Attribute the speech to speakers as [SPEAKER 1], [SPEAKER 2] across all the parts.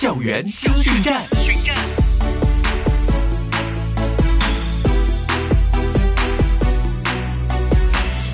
[SPEAKER 1] 校園資
[SPEAKER 2] 訊站。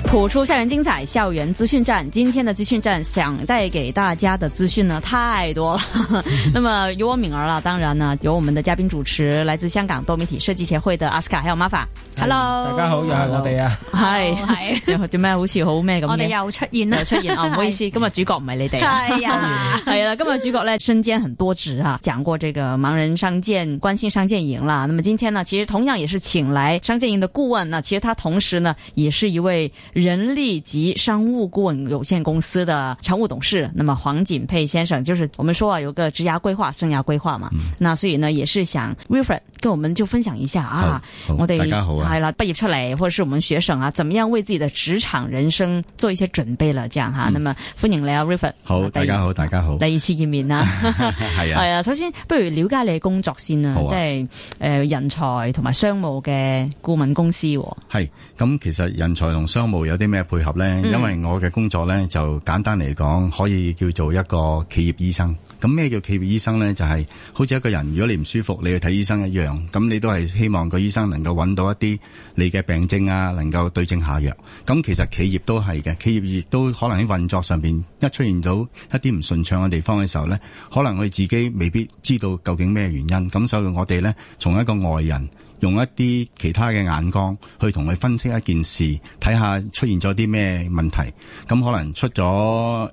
[SPEAKER 3] 譜出校園精彩，校園資訊站，今天的資訊站想帶給大家的資訊呢太多了。 那麼有我敏兒啦，當然呢有我們的嘉賓主持，來自香港多媒體設計協會的 Aska 還有 Marva。Hello，大家好，又係我哋啊，係 Hi, Hello, yes.，係，今日好笑好咩？咁我哋又出現啦，又出現啊，oh, 唔好意思， 今日主角唔係你哋，係啊，係啦，今日主角咧身兼很多職啊，講過這個盲人商健關心商健營啦。那麼今天呢，其實同樣也是請來商健營的顧問，那其實他同時呢也是一位。人力及商務顧問有限公司的常務董事，那麼黃錦沛先生，就是我們說啊，有個職涯規劃、生涯規劃嘛，嗯、那所以呢，也是想 River 跟我們就分享一下啊，好好我哋係啦畢業出嚟或者是我們學生啊，怎麼樣為自己的職場人生做一些準備了、啊、這樣吓、啊、咁、嗯、麼歡迎你啊 River 好，大家，大家好，大家好，第二次見面啦，
[SPEAKER 4] 係啊，係 啊，
[SPEAKER 3] 首先不如了解你嘅工作先啊，啊即係誒、呃、人才同埋商務嘅顧問公司、啊。
[SPEAKER 4] 係，咁、嗯、其實人才同商務。有啲咩配合呢？因為我嘅工作呢，就簡單嚟講，可以叫做一個企業醫生。咁咩叫企業醫生呢？就係、是、好似一個人，如果你唔舒服，你去睇醫生一樣。咁你都係希望個醫生能夠揾到一啲你嘅病症啊，能夠對症下藥。咁其實企業都係嘅，企業亦都可能喺運作上邊一出現到一啲唔順暢嘅地方嘅時候呢，可能佢自己未必知道究竟咩原因。咁所以我哋呢，從一個外人，用一啲其他嘅眼光去同佢分析一件事，睇下出現咗啲咩問題，咁可能出咗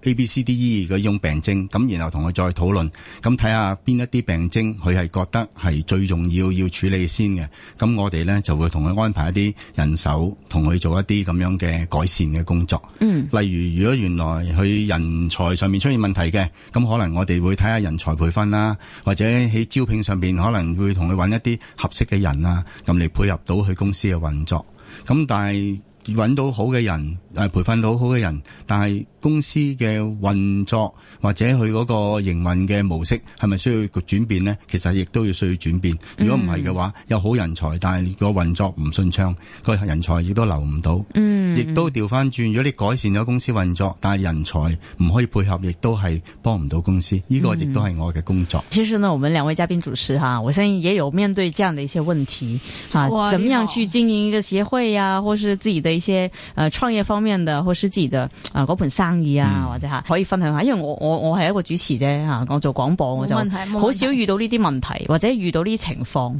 [SPEAKER 4] A、B、C、D、E 嗰種病徵，咁然後同佢再討論，咁睇下邊一啲病徵佢係覺得係最重要要處理先嘅，咁我哋咧就會同佢安排一啲人手同佢做一啲咁樣嘅改善嘅工作。嗯，例如如果原來佢人才上面出現問題嘅，咁可能我哋會睇下人才培訓啦，或者喺招聘上邊可能會同佢揾一啲合適嘅人啊。咁你配合到佢公司嘅運作，咁但係。揾到好嘅人，誒培訓到好嘅人，但係公司嘅運作或者佢嗰個營運嘅模式係咪需要轉變咧？其實亦都要需要轉變，如果唔係嘅話有好人才，但係個運作唔順暢，個人才亦都留唔到。嗯，亦都調翻轉，如果你改善咗公司運作，但係人才唔可以配合，亦都係幫唔到公司。呢個亦都係我嘅工作。其
[SPEAKER 3] 實呢，我們兩位嘉賓主持哈，我相信也有面對這樣的一些問題，啊哇，怎麼樣去經營一個協會呀，或是自己的。一些誒創業方面嘅，或者自己嘅啊嗰盤生意啊，嗯、或者吓可以分享下。因為我我我係一個主持啫吓，我做廣播，我就好少遇到呢啲問題，問題或者遇到呢啲情
[SPEAKER 1] 況。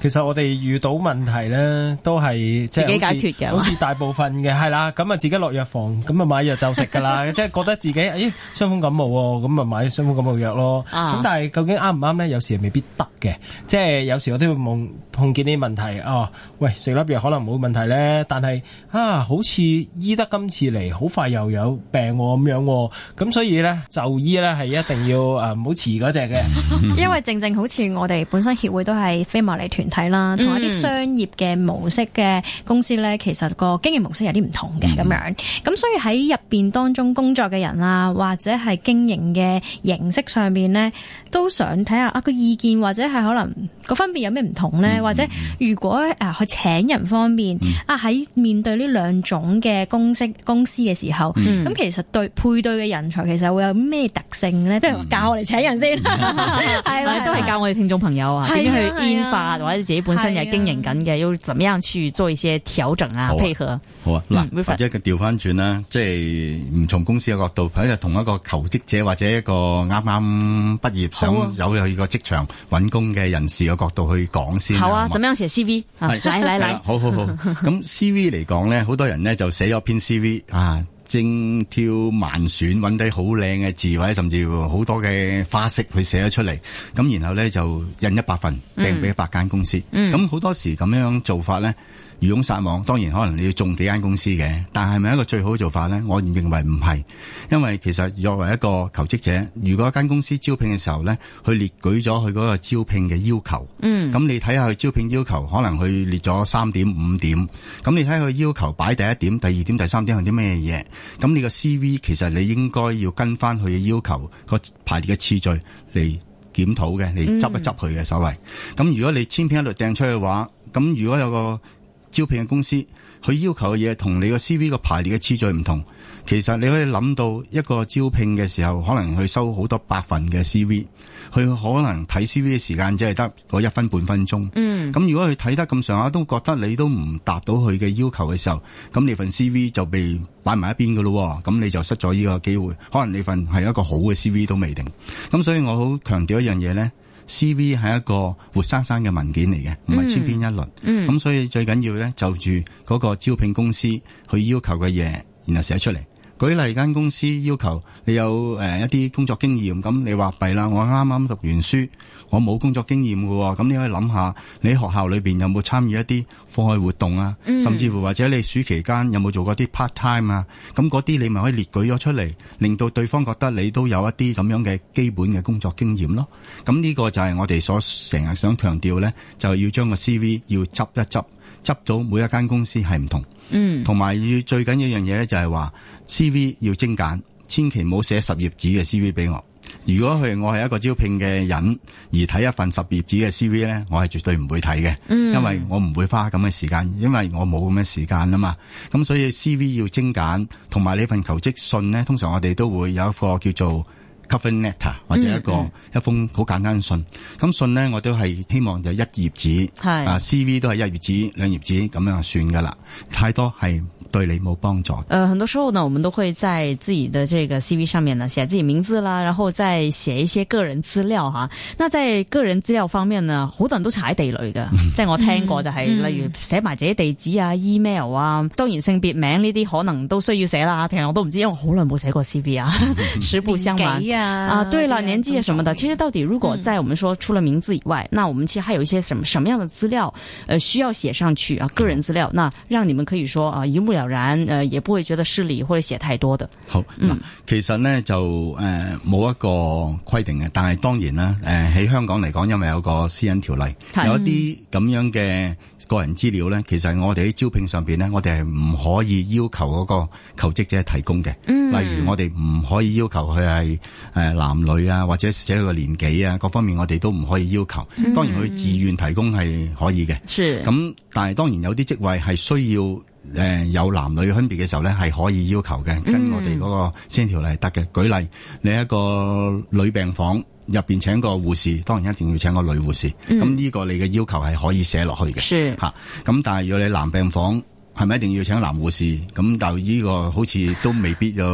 [SPEAKER 1] 其實我哋遇到問題咧，都係即係自己解決嘅，好似大部分嘅係啦。咁啊，自己落藥房，咁啊買藥就食噶啦。 即係覺得自己咦傷風感冒喎、喔，咁咪買傷風感冒藥咯、喔。咁、uh huh. 但係究竟啱唔啱咧？有時未必得嘅。即係有時我都會碰碰見啲問題哦、啊。喂，食粒藥可能冇問題咧，但係啊，好似醫得今次嚟好快又有病我、喔、咁樣、喔。咁所以咧就醫咧係一定要誒唔好遲嗰隻嘅。
[SPEAKER 3] 因為正正好似我哋本身協會都係非牟利團睇啦，同一啲商業嘅模式嘅公司咧，其實個經營模式有啲唔同嘅咁樣。咁所以喺入邊當中工作嘅人啊，或者係經營嘅形式上邊上面咧，都想睇下啊個意見，或者係可能個分別有咩唔同咧？或者如果誒去請人方面啊，喺面對呢兩種嘅公司公司嘅時候，咁其實對配對嘅人才其實會有啲咩特性咧？不如教我哋請人先，係咪？都係教我哋聽眾朋友啊，點樣去煙化或者？自己本身又經營緊嘅，要、啊、怎點樣去做一些調整啊？啊配合
[SPEAKER 4] 好啊嗱，嗯、或者佢調翻轉啦，即係唔從公司嘅角度，喺度同一個求職者或者一個啱啱畢業想有去個職場揾工嘅人士嘅角度去講先。好啊，點嗎、啊、
[SPEAKER 3] 樣寫 CV？係嚟嚟嚟，
[SPEAKER 4] 好好好。咁 CV 嚟講咧，好多人咧就寫咗篇 CV 啊。精挑萬選，揾啲好靚嘅字，或者甚至好多嘅花式去寫咗出嚟，咁然後咧就印一百份，訂俾一百間公司。咁好、嗯嗯、多時咁樣做法咧。漁翁撒網，當然可能你要中幾間公司嘅，但係咪一個最好嘅做法呢？我認為唔係，因為其實作為一個求職者，如果間公司招聘嘅時候呢，佢列舉咗佢嗰個招聘嘅要求，嗯，咁你睇下佢招聘要求，可能佢列咗三點五點，咁你睇下佢要求擺第一點、第二點、第三點係啲咩嘢，咁你個 CV 其實你應該要跟翻佢嘅要求個排列嘅次序嚟檢討嘅，嚟執一執佢嘅所謂。咁如果你千篇一律掟出去嘅話，咁如果有個招聘嘅公司，佢要求嘅嘢同你個 C V 個排列嘅次序唔同。其實你可以諗到一個招聘嘅時候，可能佢收好多百份嘅 C V，佢可能睇 C V 嘅時間只係得嗰一分半分鐘。嗯，咁如果佢睇得咁上下都覺得你都唔達到佢嘅要求嘅時候，咁你份 C V 就被擺埋一邊噶咯。咁你就失咗呢個機會，可能你份係一個好嘅 C V 都未定。咁所以我好強調一樣嘢咧。CV 係一個活生生嘅文件嚟嘅，唔係千篇一律。咁、嗯嗯、所以最緊要咧，就住個招聘公司佢要求嘅嘢，然後寫出嚟。舉例，間公司要求你有誒一啲工作經驗，咁你話弊啦。我啱啱讀完書，我冇工作經驗嘅喎。咁你可以諗下，你喺學校裏邊有冇參與一啲課外活動啊？甚至乎或者你暑期間有冇做過啲 part time 啊？咁嗰啲你咪可以列舉咗出嚟，令到對方覺得你都有一啲咁樣嘅基本嘅工作經驗咯。咁呢個就係我哋所成日想強調呢，就要將個 CV 要執一執，執到每一間公司係唔同。嗯，同埋要最緊要一樣嘢咧，就係話 C V 要精簡，千祈唔好寫十頁紙嘅 C V 俾我。如果佢我係一個招聘嘅人而睇一份十頁紙嘅 C V 咧，我係絕對唔會睇嘅，因為我唔會花咁嘅時間，因為我冇咁嘅時間啊嘛。咁所以 C V 要精簡，同埋呢份求職信咧，通常我哋都會有一個叫做。一封 letter 或者一個、嗯、一封好簡單嘅信，咁信咧我都係希望就一頁紙，啊是 CV 都係一頁紙兩頁紙咁樣就算㗎啦，太多係。對你冇幫助。
[SPEAKER 3] 誒，很多時候呢，我們都會在自己的這個 C V 上面呢寫自己名字啦，然後再寫一些個人資料哈。那在個人資料方面呢，好多人都踩地雷嘅，即係我聽過就係，例如寫埋自己地址啊、email 啊，當然性別名呢啲可能都需要寫啦。其實我都唔知，因為我好耐冇寫過 C V 啊。實不相瞞
[SPEAKER 2] 啊，啊，對啦，年紀啊，
[SPEAKER 3] 什麼的。其實到底如果在我們說除了名字以外，那我們其實還有一些什麼什麼樣的資料，需要寫上去啊？個人資料，那讓你們可以說啊，一目。然，誒，也不會覺得失禮或者寫太多的。
[SPEAKER 4] 好，嗱，其實呢就誒冇一個規定嘅，但係當然啦，誒喺香港嚟講，因為有個私隱條例，有一啲咁樣嘅個人資料咧，其實我哋喺招聘上邊咧，我哋係唔可以要求嗰個求職者提供嘅。例如我哋唔可以要求佢係誒男女啊，或者寫佢個年紀啊，各方面我哋都唔可以要求。當然佢自願提供係可以嘅。是，咁但係當然有啲職位係需要。誒、呃，有男女分別嘅時候咧，係可以要求嘅，跟我哋嗰個先條例得嘅。嗯、舉例，你一個女病房入邊請個護士，當然一定要請個女護士，咁呢、嗯、個你嘅要求係可以寫落去嘅。是咁、啊、但係如果你男病房。係咪一定要請男護士？咁就依個好似都未必有，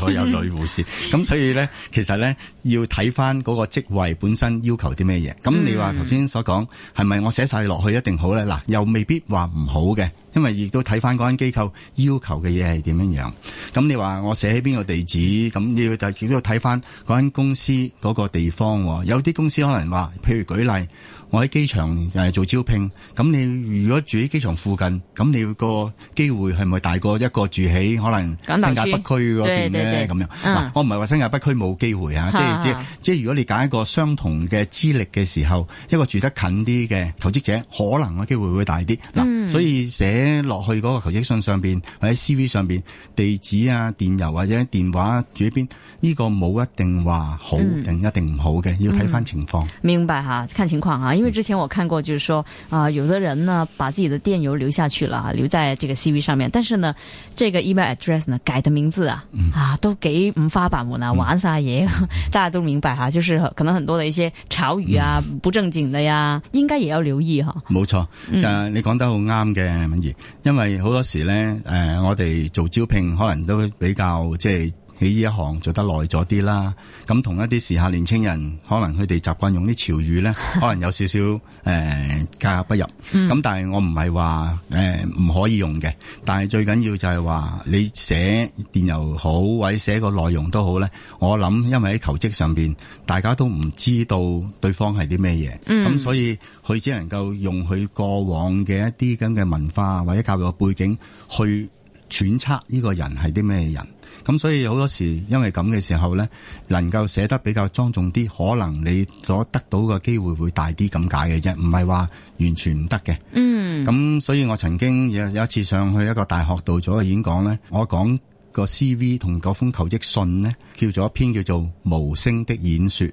[SPEAKER 4] 可以 有女護士。咁所以咧，其實咧要睇翻嗰個職位本身要求啲咩嘢。咁你話頭先所講，係咪我寫晒落去一定好咧？嗱，又未必話唔好嘅，因為亦都睇翻嗰間機構要求嘅嘢係點樣樣。咁你話我寫喺邊個地址？咁你要就亦都要睇翻嗰間公司嗰個地方。有啲公司可能話，譬如舉例。我喺機場誒做招聘，咁你如果住喺機場附近，咁你個機會係咪大過一個住喺可能新界北區嗰邊咧？咁樣，嗱、嗯，我唔係話新界北區冇機會啊、嗯，即係即係即係如果你揀一個相同嘅資歷嘅時候，哈哈一個住得近啲嘅求職者，可能嘅機會會大啲。嗱、嗯，所以寫落去嗰個求職信上邊或者 CV 上邊地址啊、電郵或者電話住喺邊呢個冇一定話好定、嗯、一定唔好嘅，要睇翻情況、
[SPEAKER 3] 嗯、明白吓，看情況吓。因為之前我看過，就是說啊、呃，有的人呢，把自己的電郵留下去了，留在這個 C V 上面，但是呢，這個 email address 呢，改的名字啊，嗯、啊都幾五花八門啊，嗯、玩晒嘢，嗯、大家都明白哈，就是可能很多的一些潮語啊，嗯、不正經的呀，應該也要留意哈。
[SPEAKER 4] 冇錯，但、嗯、你講得好啱嘅，敏儀，因為好多時呢、呃，我哋做招聘可能都比較即係。你呢一行做得耐咗啲啦，咁同一啲時下年青人，可能佢哋習慣用啲潮語呢，可能有少少誒格、呃、格不入。咁、嗯、但係我唔係話誒唔可以用嘅，但係最緊要就係話你寫電郵好，或者寫個內容都好呢。我諗因為喺求職上面，大家都唔知道對方係啲咩嘢，咁、嗯、所以佢只能夠用佢過往嘅一啲咁嘅文化或者教育嘅背景去。揣測呢個人係啲咩人，咁所以好多時因為咁嘅時候呢，能夠寫得比較莊重啲，可能你所得到嘅機會會大啲咁解嘅啫，唔係話完全唔得嘅。嗯，咁所以我曾經有有一次上去一個大學度做一個演講呢，我講個 CV 同嗰封求職信呢，叫做一篇叫做《無聲的演說》。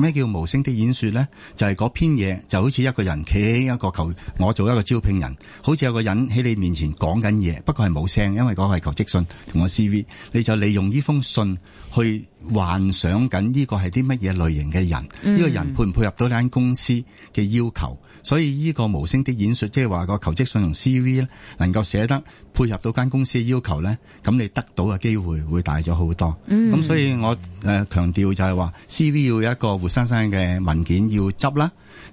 [SPEAKER 4] 咩叫無聲的演說呢？就係、是、嗰篇嘢，就好似一個人企喺一個球，我做一個招聘人，好似有個人喺你面前講緊嘢，不過係冇聲，因為嗰個係求職信同我 CV，你就利用呢封信去。幻想緊呢個係啲乜嘢類型嘅人？呢、這個人配唔配合到呢間公司嘅要求？嗯、所以呢個無聲的演說，即係話個求職信用 CV 咧，能夠寫得配合到間公司嘅要求咧，咁你得到嘅機會會大咗好多。咁、嗯、所以我誒強調就係話，CV 要有一個活生生嘅文件要執啦。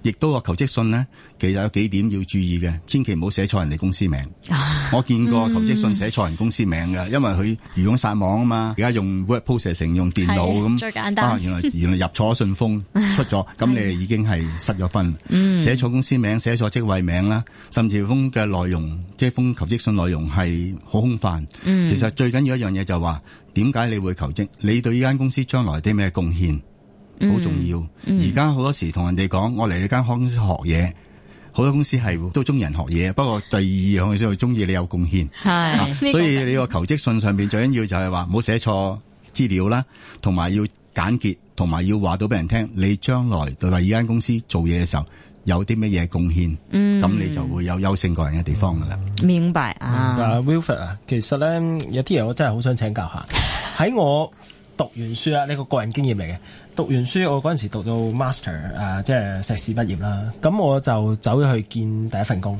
[SPEAKER 4] 亦都話求職信咧，其實有幾點要注意嘅，千祈唔好寫錯人哋公司名。我見過求職信寫錯人公司名嘅，因為佢如果撒網啊嘛，而家用 Word Processing 用電腦咁，最簡單，啊原來原來入錯信封出咗，咁你係已經係失咗分。寫錯公司名、寫錯職位名啦，甚至乎封嘅內容，即係封求職信內容係好空泛。其實最緊要一樣嘢就係話，點解你會求職？你對呢間公司將來啲咩貢獻？好、嗯、重要，而家好多時同人哋講，我嚟呢間公司學嘢，好多公司係都中意人學嘢，不過第二樣嘢就中意你有貢獻。係， 所以你個求職信上邊最緊要就係話冇寫錯資料啦，同埋要簡潔，同埋要話到俾人聽，你將來對第二間公司做嘢嘅時候有啲乜嘢貢獻，咁、嗯、你就會有優勝過人嘅地方噶啦。
[SPEAKER 1] 明白啊。Uh, Wilfred 啊，其實咧有啲嘢我真係好想請教下，喺我讀完書啦，呢個個人經驗嚟嘅。讀完書，我嗰陣時讀到 master，啊，即係碩士畢業啦。咁我就走去見第一份工。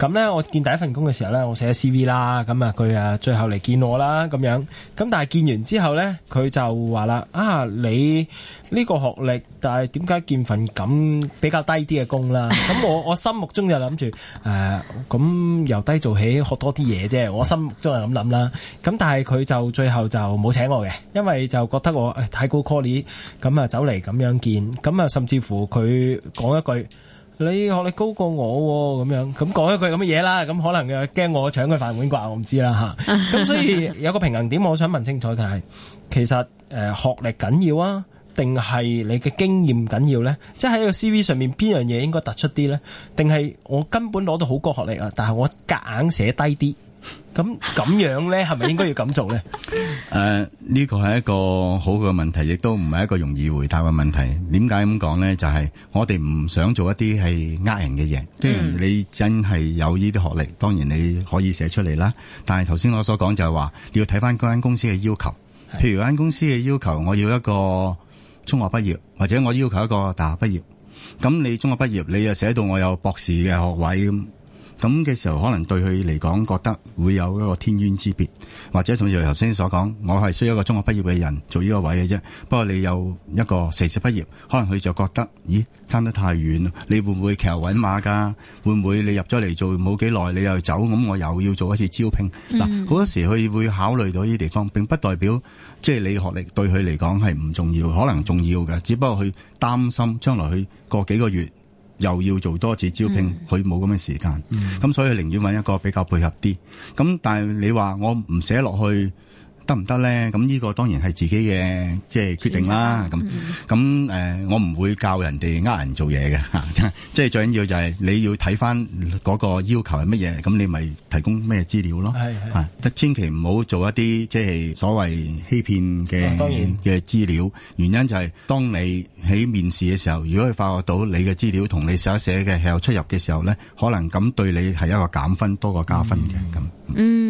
[SPEAKER 1] 咁咧，我見第一份工嘅時候咧，我寫咗 CV 啦，咁啊佢啊最後嚟見我啦，咁樣，咁但係見完之後咧，佢就話啦：啊，你呢個學歷，但係點解見份咁比較低啲嘅工啦？咁我我心目中就諗住誒，咁由低做起，學多啲嘢啫。我心目中係咁諗啦。咁但係佢就最後就冇請我嘅，因為就覺得我太高 caliber，咁啊走嚟咁樣見，咁啊甚至乎佢講一句。你學歷高過我喎，咁樣咁講一句咁嘅嘢啦，咁可能佢驚我搶佢飯碗啩，我唔知啦嚇。咁所以有個平衡點，我想問清楚就係，其實誒學歷緊要啊，定係你嘅經驗緊要呢？即係喺個 CV 上面邊樣嘢應該突出啲呢？定係我根本攞到好高學歷啊，但係我夾硬寫低啲？咁咁樣呢係咪應該要咁做呢？誒、
[SPEAKER 4] 呃，呢個係一個好嘅問題，亦都唔係一個容易回答嘅問題。點解咁講呢？就係、是、我哋唔想做一啲係呃人嘅嘢。既然你真係有呢啲學歷，當然你可以寫出嚟啦。但係頭先我所講就係話，你要睇翻嗰間公司嘅要求。譬如嗰間公司嘅要求，我要一個中學畢業，或者我要求一個大學畢業。咁你中學畢業，你又寫到我有博士嘅學位咁。咁嘅時候，可能對佢嚟講，覺得會有一個天淵之別，或者仲要頭先所講，我係需要一個中學畢業嘅人做呢個位嘅啫。不過你有一個碩士畢業，可能佢就覺得，咦，爭得太遠。你會唔會騎牛揾馬㗎？會唔會你入咗嚟做冇幾耐，你又走，咁我又要做一次招聘？嗱，好多時佢會考慮到呢啲地方，並不代表即係你學歷對佢嚟講係唔重要，可能重要嘅，只不過佢擔心將來佢過幾個月。又要做多次招聘，佢冇咁嘅時間。嗯，咁、嗯、所以寧願揾一個比較配合啲。咁但係你話我唔寫落去，得唔得咧？咁呢個當然係自己嘅，即係決定啦。咁咁誒，我唔會教人哋呃人做嘢嘅吓。即係最緊要就係你要睇翻嗰個要求係乜嘢，咁你咪提供咩資料咯。係係，得千祈唔好做一啲即係所謂欺騙嘅嘅資料。原因就係當你喺面試嘅時候，如果佢發覺到你嘅資料同你所寫嘅係有出入嘅時候咧，可能咁對你係一個減分多過加分嘅咁。嗯。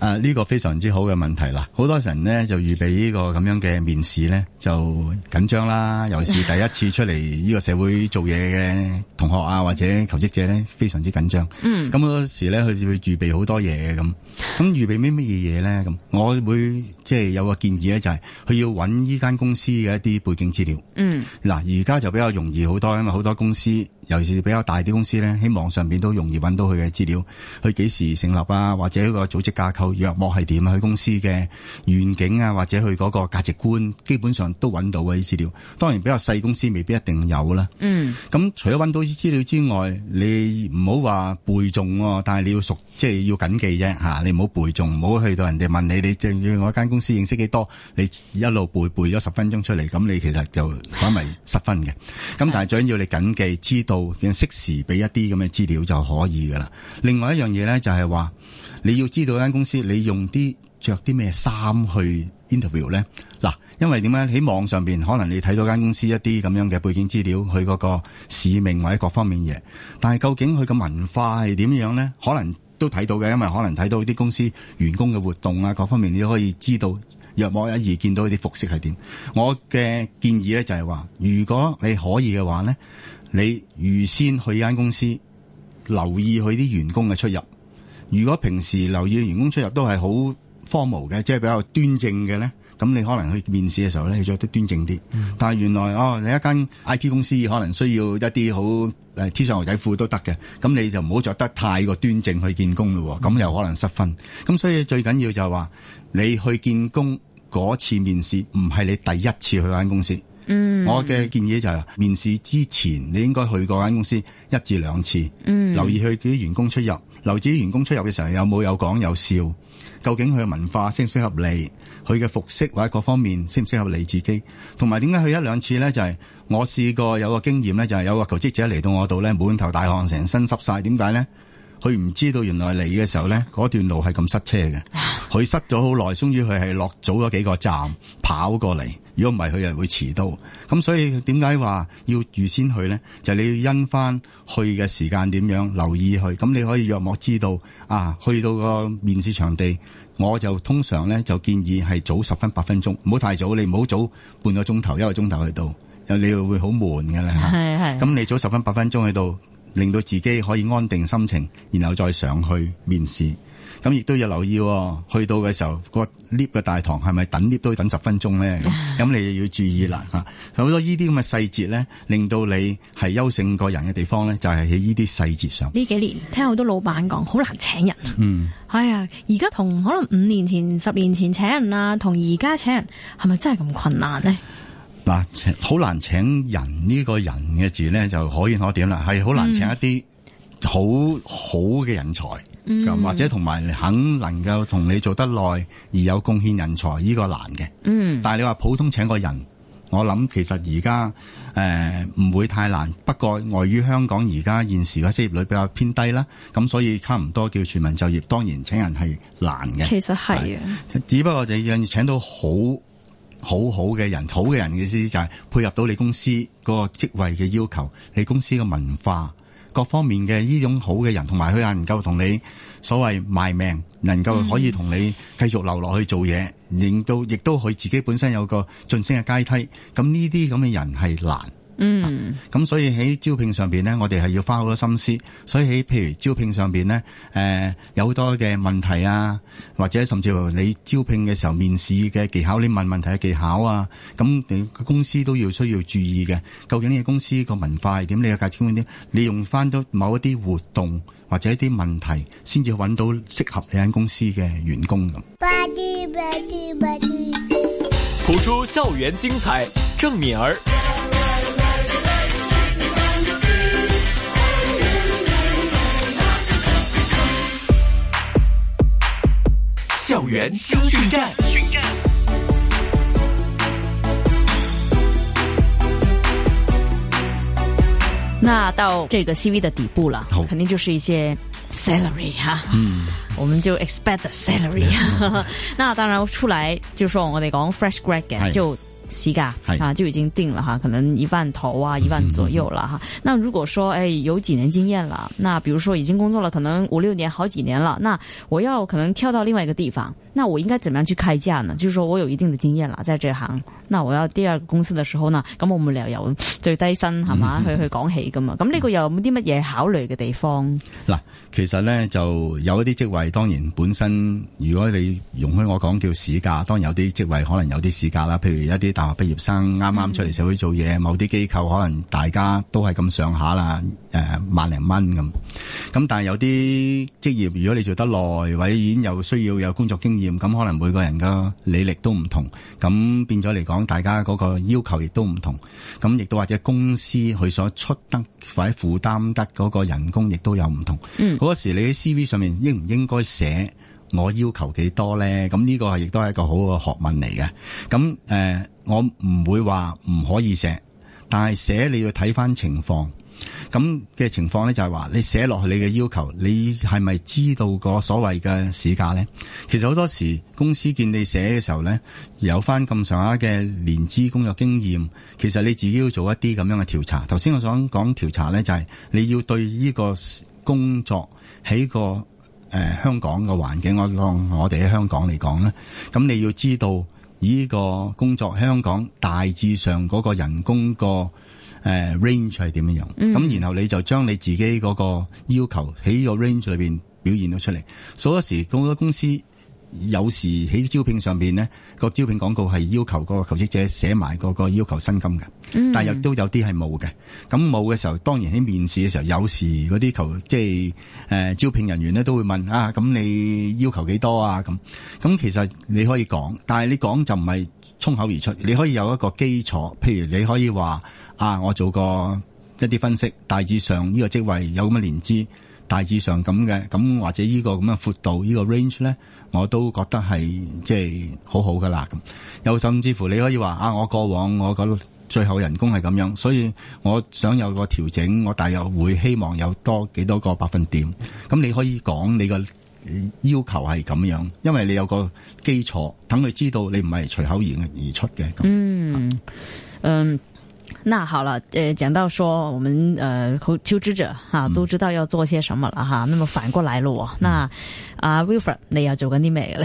[SPEAKER 4] 誒，呢個非常之好嘅問題啦，好多人咧就預備呢個咁樣嘅面試咧就緊張啦，尤其是第一次出嚟呢個社會做嘢嘅同學啊，或者求職者咧，非常之緊張。嗯，咁好多時咧佢會預備好多嘢咁。咁預備咩咩嘢嘢咧？咁我會即係有個建議咧，就係、是、佢要搵依間公司嘅一啲背景資料。嗯，嗱，而家就比較容易好多，因為好多公司，尤其是比較大啲公司咧，喺網上邊都容易搵到佢嘅資料。佢幾時成立啊？或者個組織架構、約莫係點啊？佢公司嘅願景啊，或者佢嗰個價值觀，基本上都搵到啲資料。當然比較細公司未必一定有啦。嗯，咁除咗搵到啲資料之外，你唔好話背誦，但係你要熟，即係要謹記啫吓。你唔好背誦，唔好去到人哋問你，你正要我間公司認識幾多？你一路背背咗十分鐘出嚟，咁你其實就反而失分嘅。咁但係最緊要你謹記，知道適時俾一啲咁嘅資料就可以噶啦。另外一樣嘢咧，就係話你要知道一間公司，你用啲着啲咩衫去 interview 咧。嗱，因為點解喺網上邊可能你睇到間公司一啲咁樣嘅背景資料，佢嗰個使命或者各方面嘢，但係究竟佢嘅文化係點樣咧？可能。都睇到嘅，因為可能睇到啲公司員工嘅活動啊，各方面你都可以知道。若我一而見到啲服飾係點，我嘅建議咧就係話，如果你可以嘅話咧，你預先去一間公司留意佢啲員工嘅出入。如果平時留意員工出入都係好 formal 嘅，即係比較端正嘅咧，咁你可能去面試嘅時候咧，你着得端正啲。嗯、但係原來哦，你一間 I.T 公司可能需要一啲好。誒 T 恤牛仔褲都得嘅，咁你就唔好着得太過端正去見工咯，咁又可能失分。咁所以最緊要就係話，你去見工嗰次面試唔係你第一次去一間公司。嗯，我嘅建議就係面試之前，你應該去過間公司一至兩次。嗯，留意佢啲員工出入，留意啲員工出入嘅時候有冇有講有有笑，究竟佢嘅文化適唔適合你，佢嘅服飾或者各方面適唔適合你自己，同埋點解去一兩次呢？就係。我試過有個經驗咧，就係有個求職者嚟到我度咧，滿頭大汗，成身濕晒。點解咧？佢唔知道原來嚟嘅時候咧，嗰段路係咁塞車嘅。佢塞咗好耐，終於佢係落早咗幾個站跑過嚟。如果唔係，佢又會遲到。咁所以點解話要預先去咧？就係你要因翻去嘅時間點樣留意去。咁你可以約莫知道啊，去到個面試場地，我就通常咧就建議係早十分八分鐘，唔好太早。你唔好早半個鐘頭、一個鐘頭去到。有你會好悶㗎咧，咁你早十分八分鐘喺度，令到自己可以安定心情，然後再上去面試。咁亦都要留意、哦，去到嘅時候，個 lift 嘅大堂係咪等 lift 都要等十分鐘咧？咁 你就要注意啦嚇。嗯、好多呢啲咁嘅細節咧，令到你係優勝過人嘅地方咧，就係喺呢啲細節上。
[SPEAKER 3] 呢幾年聽好多老闆講，好難請人。
[SPEAKER 4] 嗯，
[SPEAKER 3] 哎呀，而家同可能五年前、十年前請人啊，同而家請人係咪真係咁困
[SPEAKER 4] 難呢？嗱，好難請人呢個人嘅字咧，就可以可點啦，係好難請一啲、mm. 好好嘅人才，咁、mm. 或者同埋肯能夠同你做得耐而有貢獻人才，呢個難嘅。嗯，mm. 但係你話普通請個人，我諗其實而家誒唔會太難，不過礙於香港而家現時嘅失業率比較偏低啦，咁所以差唔多叫全民就業。當然，請人係難嘅，其實係啊，只不過就要請到好。好好嘅人，好嘅人嘅意思就係配合到你公司嗰個職位嘅要求，你公司嘅文化各方面嘅呢種好嘅人，同埋佢能夠同你所謂賣命，能夠可以同你繼續留落去做嘢，令到亦都佢自己本身有個晉升嘅階梯。咁呢啲咁嘅人係難。嗯，咁、啊、所以喺招聘上邊咧，我哋係要花好多心思。所以喺譬如招聘上邊咧，誒、呃、有好多嘅問題啊，或者甚至乎你招聘嘅時候面試嘅技巧，你問問題嘅技巧啊，咁你公司都要需要注意嘅。究竟你公司個文化係點？你嘅價值觀點？你用翻到某一啲活動或者一啲問題，先至揾到適合你間公司嘅員工咁。
[SPEAKER 1] 播出校園精彩，鄭敏兒。
[SPEAKER 2] 校
[SPEAKER 3] 園資訊站。那到這個 CV 的底部了，肯定就是一些 salary 哈，
[SPEAKER 2] 嗯，
[SPEAKER 3] 我們就 expect salary。那當然出來就說，我哋講 fresh graduate 就。市價是啊就已經定了哈，可能一萬頭啊一萬左右啦哈、嗯哼啊。那如果說誒、欸、有幾年經驗啦，那比如說已經工作了可能五六年好幾年啦，那我要可能跳到另外一個地方，那我應該怎麼樣去開價呢？就是說我有一定的經驗啦，在這行，那我要第二個公司的時候呢，咁我冇理由由最低薪係嘛去去講起噶嘛？咁呢個有冇啲乜嘢考慮嘅地方？
[SPEAKER 4] 嗱、嗯，其實呢，就有一啲職位，當然本身如果你容許我講叫市價，當然有啲職位可能有啲市價啦，譬如一啲。大學畢業生啱啱出嚟社會做嘢，嗯、某啲機構可能大家都係咁上下啦，誒、呃、萬零蚊咁。咁但係有啲職業，如果你做得耐，或者已經有需要有工作經驗，咁可能每個人嘅履歷都唔同，咁變咗嚟講，大家嗰個要求亦都唔同。咁亦都或者公司佢所出得或者負擔得嗰個人工亦都有唔同。嗯，嗰時候你喺 CV 上面應唔應該寫我要求幾多咧？咁呢個係亦都係一個好嘅學問嚟嘅。咁誒。呃我唔會話唔可以寫，但係寫你要睇翻情況。咁嘅情況呢，就係話，你寫落去你嘅要求，你係咪知道個所謂嘅市價呢？其實好多時公司見你寫嘅時候呢，有翻咁上下嘅年資工作經驗，其實你自己要做一啲咁樣嘅調查。頭先我想講調查呢，就係你要對呢個工作喺個誒、呃、香港嘅環境，我當我哋喺香港嚟講呢，咁你要知道。依個工作香港大致上個人工個誒 range 係點樣樣，咁、嗯、然後你就將你自己嗰個要求喺個 range 裏邊表現咗出嚟。所以有時好多、那個、公司。有時喺招聘上邊呢、呢個招聘廣告係要求個求職者寫埋個要求薪金嘅，但係亦都有啲係冇嘅。咁冇嘅時候，當然喺面試嘅時候，有時嗰啲求即係誒、呃、招聘人員呢都會問啊，咁你要求幾多啊？咁咁其實你可以講，但係你講就唔係衝口而出，你可以有一個基礎，譬如你可以話啊，我做過一啲分析，大致上呢個職位有咁嘅年資。大致上咁嘅，咁或者呢個咁嘅闊度，呢、呢個 range 呢，我都覺得係即係好好噶啦咁。又甚至乎你可以話啊，我過往我覺得最後人工係咁樣，所以我想有個調整，我大約會希望有多幾多個百分點。咁你可以講你個要求係咁樣，因為你有個基礎，等佢知道你唔係隨口而而出嘅。嗯，
[SPEAKER 3] 嗯、um。那好了，呃，講到說我們呃求求知者哈、啊，都知道要做些什麼了哈、啊。那麼反過來了，我那。啊、ah，Wilfred，你要做緊啲咩咧？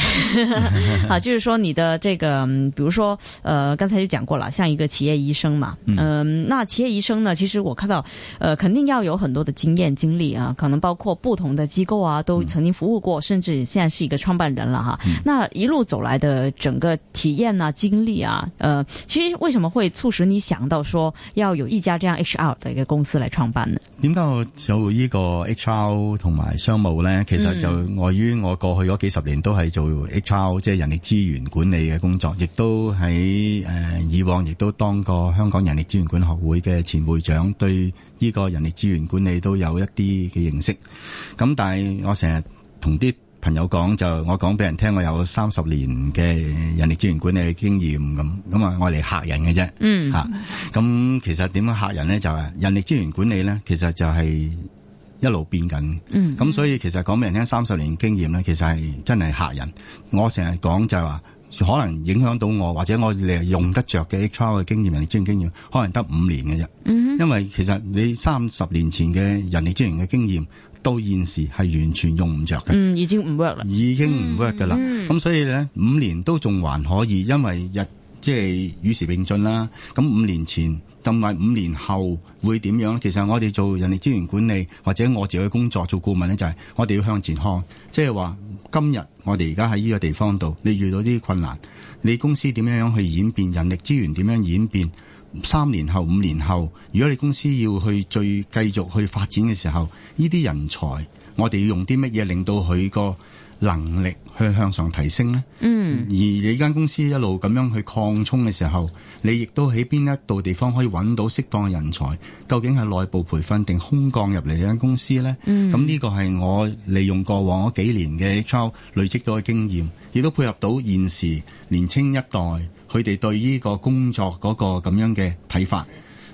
[SPEAKER 3] 好， 就是說你的這個，比如說，呃，剛才就講過了，像一個企業醫生嘛，嗯、呃，那企業醫生呢，其實我看到，呃，肯定要有很多的經驗經歷啊，可能包括不同的機構啊，都曾經服務過，嗯、甚至現在是一個創辦人了哈，嗯、那一路走來的整個體驗啊、經歷啊，呃，其實為什麼會促使你想到說要有一家這樣 H R 的一個公司來創辦
[SPEAKER 4] 呢？點解我做依個 H R 同埋商務咧？其實就礙於。我過去嗰幾十年都係做 HR，即係人力資源管理嘅工作，亦都喺誒以往亦都當過香港人力資源管學會嘅前會長，對呢個人力資源管理都有一啲嘅認識。咁但係我成日同啲朋友講，就我講俾人聽，我有三十年嘅人力資源管理經驗咁，咁啊我嚟吓人嘅啫。嗯，吓。咁其實點樣吓人咧？就係人力資源管理咧，其實就係。一路變緊，咁、嗯、所以其實講俾人聽三十年經驗咧，其實係真係嚇人。我成日講就係話，可能影響到我或者我嚟用得着嘅 HR 嘅經驗、人力資源經驗，可能得五年嘅啫。嗯、因為其實你三十年前嘅人力資源嘅經驗，到現時係完全用唔着嘅。已經唔 work 啦。已經唔 work 㗎啦。咁、嗯嗯、所以咧，五年都仲還，還可以，因為日即係、就是、與時並進啦。咁五年前，同埋五年後。會點樣？其實我哋做人力資源管理，或者我自己工作做顧問呢，就係我哋要向前看，即係話今日我哋而家喺呢個地方度，你遇到啲困難，你公司點樣樣去演變，人力資源點樣演變？三年後、五年後，如果你公司要去再繼續去發展嘅時候，呢啲人才，我哋要用啲乜嘢令到佢個能力去向上提升。嗯、mm. 而你間公司一路咁樣去擴充嘅時候，你亦都喺邊一度地方可以揾到適當嘅人才？究竟係內部培訓定空降入嚟呢間公司呢？咁呢、mm. 個係我利用過往幾幾年嘅 HR 累積到嘅經驗，亦都配合到現時年青一代佢哋對呢個工作嗰個咁樣嘅睇法。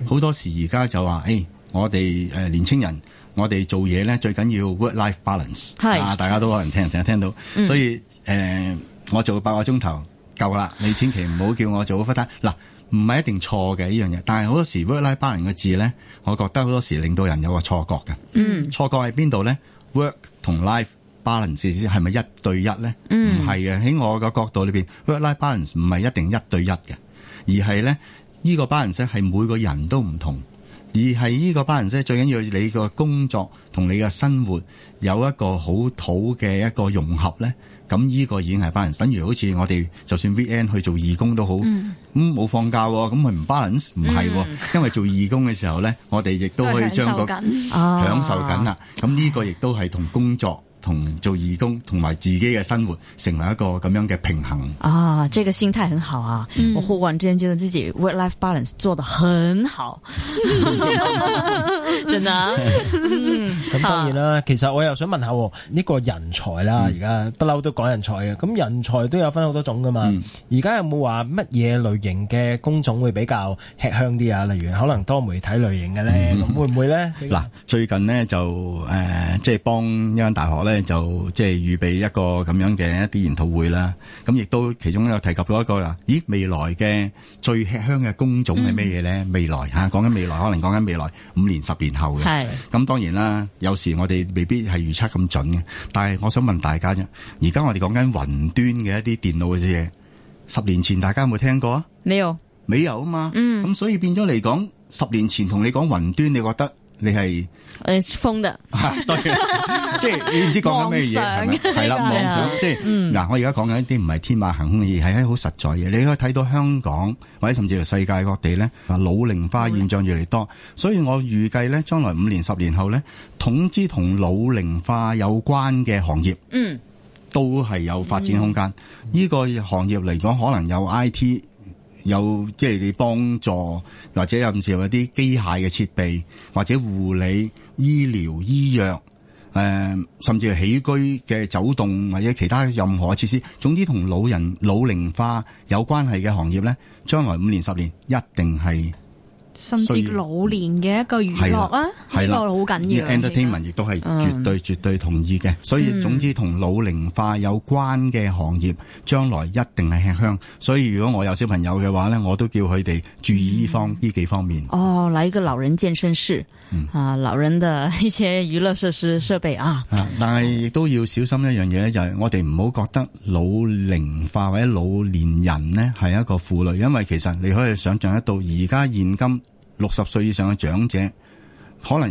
[SPEAKER 4] 好多時而家就話：，誒、欸，我哋、呃、年青人。我哋做嘢咧，最緊要 work-life balance，是啊，大家都可能聽成日聽到，嗯、所以誒、呃，我做八個鐘頭夠啦，你千祈唔好叫我做 overtime。嗱，唔係一定錯嘅呢樣嘢，但係好多時 work-life balance 嘅字咧，我覺得好多時令到人有個錯覺嘅。嗯，錯覺係邊度咧？work 同 life balance 係咪一對一咧？唔係嘅，喺我嘅角度裏邊，work-life balance 唔係一定一對一嘅，而係咧呢個 balance 係每個人都唔同。而係呢個 balance 咧，最緊要你個工作同你嘅生活有一個好好嘅一個融合咧。咁呢個已經係 balance。等如好似我哋就算 V N 去做義工都好，咁冇、嗯嗯、放假，咁佢唔 balance，唔係。嗯、因為做義工嘅時候咧，我哋亦都可以將個享受緊啦。咁呢、啊、個亦都係同工作。同做義工同埋自己嘅生活，成為一個咁樣嘅平衡。
[SPEAKER 3] 啊，即、這個心態很好啊！嗯、我忽然之間
[SPEAKER 1] 覺得自己 work-life balance 做得很好，
[SPEAKER 4] 嗯、 真係
[SPEAKER 1] 啊！咁當然啦，其實我又想問下呢、呢個人才啦，而家不嬲都講人才嘅，咁人才都有分好多種噶嘛。而家、嗯、有冇話乜嘢類型嘅工種會比較吃香啲啊？例如可能多媒體類型嘅咧，咁會唔會咧？嗱、嗯，
[SPEAKER 4] 最近咧就誒即係幫一間大學咧。咧就即係預備一個咁樣嘅一啲研討會啦，咁亦都其中有提及到一個啦，咦未來嘅最吃香嘅工種係咩嘢咧？未來吓，講緊未來，可能講緊未來五年、十年後嘅。係咁，當然啦，有時我哋未必係預測咁準嘅，但係我想問大家啫，而家我哋講緊雲端嘅一啲電腦嘅嘢，十年前大家有冇聽過啊？未有，未有啊嘛。嗯，咁所以變咗嚟講，十年前同你講雲端，你覺得？你係誒封嘅，當然， 即係你唔知講緊咩嘢係咪？係啦，妄想即係嗱，我而家講緊一啲唔係天馬行空嘅嘢，係喺好實在嘅。你可以睇到香港或者甚至乎世界各地咧，老齡化現象越嚟越多，嗯、所以我預計咧，將來五年十年後咧，總之同老齡化有關嘅行業，嗯，都係有發展空間。呢、嗯、個行業嚟講，可能有 I T。有即係你幫助，或者有時有啲機械嘅設備，或者護理、醫療、醫藥，誒、呃，甚至係起居嘅走動或者其他任何設施。總之同老人老齡化有關係嘅行業呢，將來五年十年一定係。
[SPEAKER 3] 甚至老年嘅一個娛樂啊，呢個好緊要。呢 entertainment
[SPEAKER 4] 亦都係絕對、嗯、絕對同意嘅。所以總之同老齡化有關嘅行業，將來一定係吃香。所以如果我有小朋友嘅話咧，我都叫佢哋注意呢方呢、嗯、幾方面。
[SPEAKER 3] 哦，嚟個老人健身室。啊，嗯、老人嘅一些娛樂設施設備啊，
[SPEAKER 4] 但係亦都要小心一樣嘢，就係、是、我哋唔好覺得老齡化或者老年人咧係一個負累，因為其實你可以想象得到，而家現今六十歲以上嘅長者，可能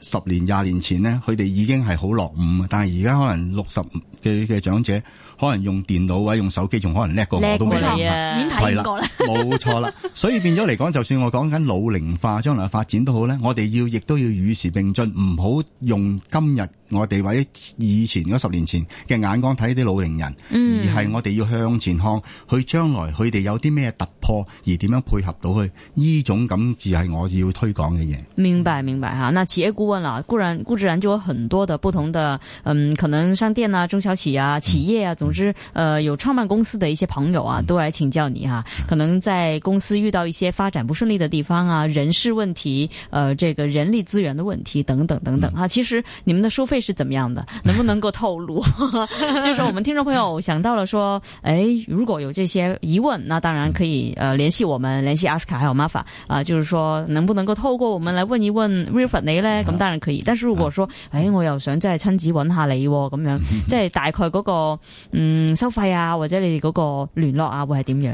[SPEAKER 4] 十年廿年前咧，佢哋已經係好落伍，但係而家可能六十嘅嘅長者。可能用電腦或者用手機，仲可能叻過我害、啊、都未啊！已經睇過啦，冇錯啦。所以變咗嚟講， 就算我講緊老齡化將來嘅發展都好咧，我哋要亦都要與時並進，唔好用今日。我哋或者以前嗰十年前嘅眼光睇啲老年人。嗯、而係我哋要向前看，佢將來佢哋有啲咩突破，而點樣配合到去？呢種咁至係我要推廣嘅嘢。
[SPEAKER 3] 明白明白吓，那企業顧問啦，固然固然就有很多的不同的嗯，可能商店啊、中小企啊、企業啊，總之，嗯、呃有創辦公司的一些朋友啊，嗯、都嚟請教你吓、啊，可能在公司遇到一些發展不順利的地方啊，人事問題呃，這個人力資源的問題等等等等啊。嗯、其實你們的收費。會是怎麼樣的？能不能夠透露？ 就是說我們聽眾朋友想到了說誒，如果有這些疑問，那當然可以呃聯繫我們，聯繫 Aska 還有 Marva 啊。就是說，能不能夠透過我們來問一問 Marva 呢？咁當然可以。但是如果說，啊哎、我又想真係親自揾下你、哦，咁樣，即、就、係、是、大概嗰、那個嗯收費啊，或者你哋嗰個聯絡啊，會係點樣？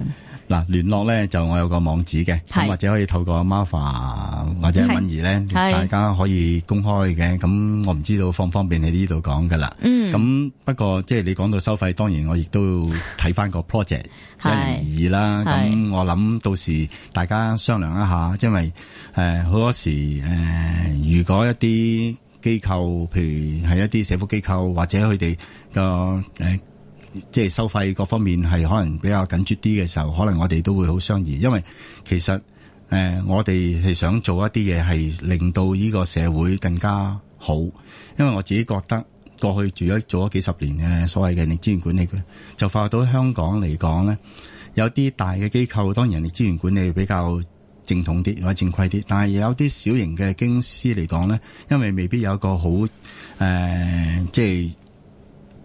[SPEAKER 4] 嗱，聯絡咧就我有個網址嘅，是或者可以透過阿 Marva 或者敏儀咧，是大家可以公開嘅。咁是我唔知道方唔方便你呢度講噶啦。嗯。咁不過即係你講到收費，當然我亦都睇翻個 project 因人而是異啦。咁是我諗到時大家商量一下，因為誒、呃、好多時誒、呃，如果一啲機構，譬如係一啲社福機構或者佢哋個誒。呃即係收費各方面係可能比較緊張啲嘅時候，可能我哋都會好相宜，因為其實誒、呃、我哋係想做一啲嘢係令到呢個社會更加好，因為我自己覺得過去住咗做咗幾十年嘅所謂嘅人力資源管理，就發覺到香港嚟講呢，有啲大嘅機構當然人力資源管理比較正統啲或者正規啲，但係有啲小型嘅經師嚟講呢，因為未必有一個好誒、呃、即係。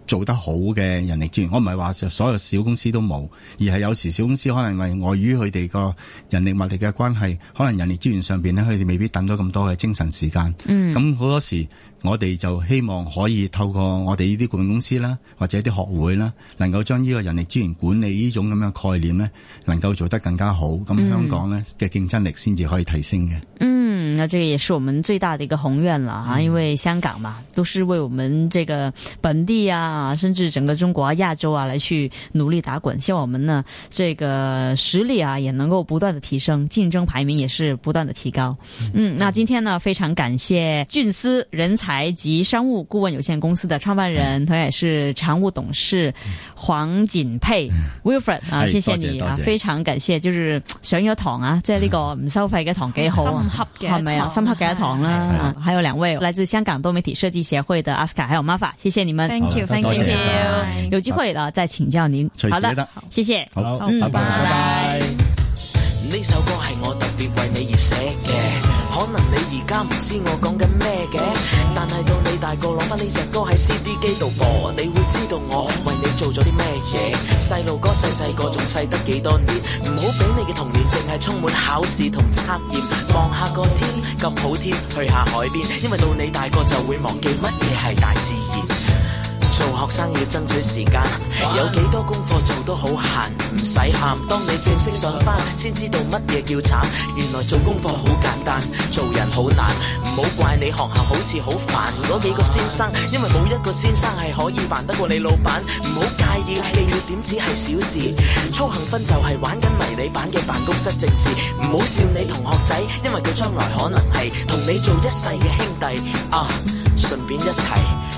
[SPEAKER 4] 做得好嘅人力資源，我唔係話就所有小公司都冇，而係有時小公司可能係礙於佢哋個人力物力嘅關係，可能人力資源上面咧，佢哋未必等咗咁多嘅精神時間。嗯，咁好多時我哋就希望可以透過我哋呢啲顧問公司啦，或者啲學會啦，能夠將呢個人力資源管理呢種咁嘅概念呢，能夠做得更加好。咁香港呢嘅競爭力先至可以提升嘅。
[SPEAKER 3] 那這個也是我們最大的一個宏願了啊！因為香港嘛，都是為我們這個本地啊，甚至整個中國、亞洲啊，來去努力打滾。希望我們呢，這個實力啊，也能夠不斷的提升，競爭排名也是不斷的提高。嗯，那今天呢，非常感謝俊思人才及商務顧問有限公司的創辦人，同樣也是常務董事黃錦沛 Wilfred 啊，謝謝你啊，非常感謝，就是上咗堂啊，即係呢個唔收費嘅堂幾好啊，深沒有三炮一堂啦。了，還有兩位來自香港多媒體設計協會的阿 k 卡，還有瑪 a 謝謝你們，Thank you，t h a n k you，thank you。有機會了再請教您，
[SPEAKER 1] 好
[SPEAKER 2] 的，好的，謝謝，好，嗯，拜拜，拜拜。大個攞翻呢隻歌喺 CD 機度播，你會知道我為你做咗啲咩嘢。細路 哥細細個仲細得幾多年？唔好俾你嘅童年淨係充滿考試同測驗。望下個天咁好天，去下海邊，因為到你大個就會忘記乜嘢係大自然。學生要爭取時間，有幾多功課做都好閒，唔使喊。當你正式上班，先知道乜嘢叫慘。原來做功課好簡單，做人好難。唔好怪你學校好似好煩，嗰幾個先生，因為冇一個先生係可以煩得過你老闆。唔好介意，你要點只係小事。操行分就係玩緊迷你版嘅辦公室政治。唔好笑你同學仔，因為佢將來可能係同你做一世嘅兄弟。啊，順便一提。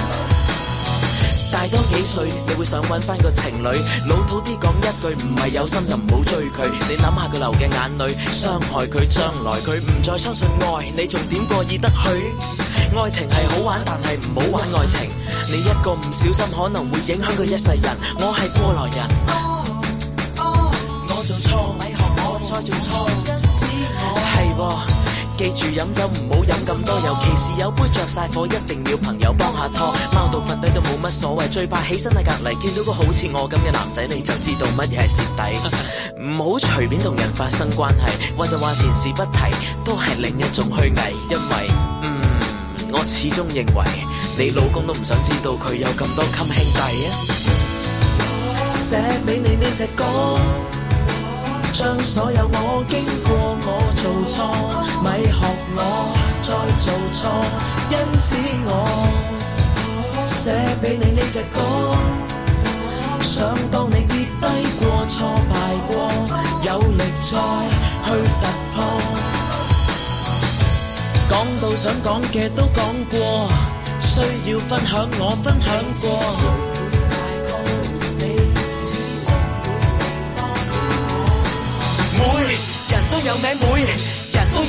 [SPEAKER 2] 大多幾歲，你會想揾翻個情侶？老土啲講一句，唔係有心就唔好追佢。你諗下佢流嘅眼淚，傷害佢，將來佢唔再相信愛。你仲點過意得去？愛情係好玩，但係唔好玩愛情。你一個唔小心，可能會影響佢一世人。我係過來人，哦，哦，我做錯，咪學我再做錯。係喎。記住飲酒唔好飲咁多，尤其是有杯着曬火，一定要朋友幫下拖。貓到瞓低都冇乜所謂，最怕起身喺隔離見到個好似我咁嘅男仔，你就知道乜嘢係蝕底。唔好隨便同人發生關係，或就話前事不提，都係另一種虛偽。因為嗯，我始終認為你老公都唔想知道佢有咁多襟兄弟啊。寫俾你呢隻歌。將所有我經過，我做錯，咪學我再做錯。因此我寫俾你呢隻歌，想當你跌低過、挫敗過，有力再去突破。講到想講嘅都講過，需要分享我分享過。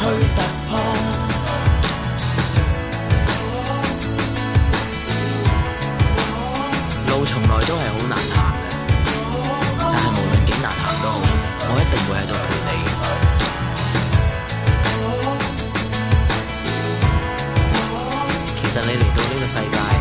[SPEAKER 2] 去突破。路從來都係好難行嘅，但係無論幾難行都好，我一定會喺度陪你。其實你嚟到呢個世界。